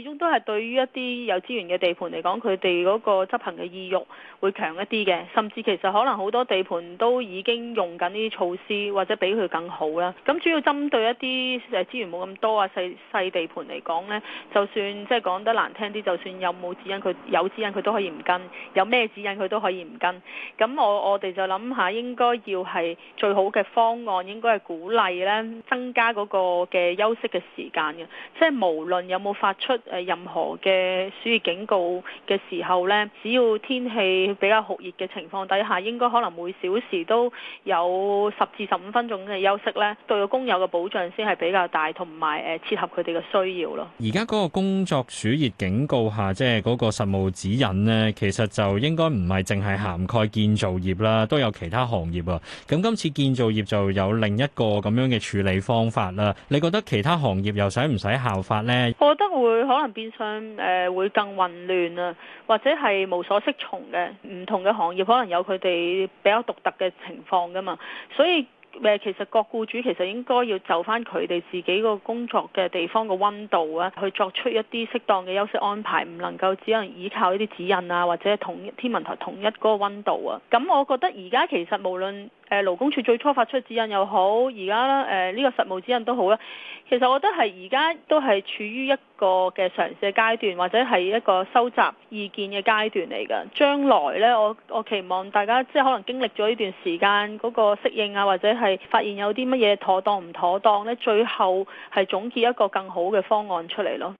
始終都係對於一啲有資源嘅地盤嚟講，佢哋嗰個執行嘅意欲會強一啲嘅，甚至其實可能好多地盤都已經用緊呢啲措施，或者比佢更好啦。咁主要針對一啲誒資源冇咁多啊細細地盤嚟講呢，就算即係講得難聽啲，就算有冇指引，佢有指引佢都可以唔跟，有咩指引佢都可以唔跟。咁我我哋就諗下，應該要係最好嘅方案，應該係鼓勵呢增加嗰個嘅休息嘅時間嘅，即係無論有冇發出。任何嘅暑熱警告嘅時候呢，只要天氣比較酷熱嘅情況底下，應該可能每小時都有十至十五分鐘嘅休息呢，對工友嘅保障先係比較大，同埋誒切合佢哋嘅需要咯。而家嗰個工作暑熱警告下，即係嗰個實務指引呢，其實就應該唔係淨係涵蓋建造業啦，都有其他行業啊。咁今次建造業就有另一個咁樣嘅處理方法啦。你覺得其他行業又使唔使效法呢？我覺得會可。可能變相誒、呃、會更混亂啊，或者係無所適從嘅。唔同嘅行業可能有佢哋比較獨特嘅情況㗎嘛。所以誒、呃，其實各僱主其實應該要就返佢哋自己個工作嘅地方個溫度啊，去作出一啲適當嘅休息安排，唔能夠只能依靠呢啲指引啊，或者同天文台統一嗰個溫度啊。咁我覺得而家其實無論。誒勞工處最初發出指引又好，而家咧誒呢個實務指引都好啦。其實我覺得係而家都係處於一個嘅嘗試嘅階段，或者係一個收集意見嘅階段嚟㗎。將來呢，我我期望大家即係可能經歷咗呢段時間嗰個適應啊，或者係發現有啲乜嘢妥當唔妥當呢，最後係總結一個更好嘅方案出嚟咯。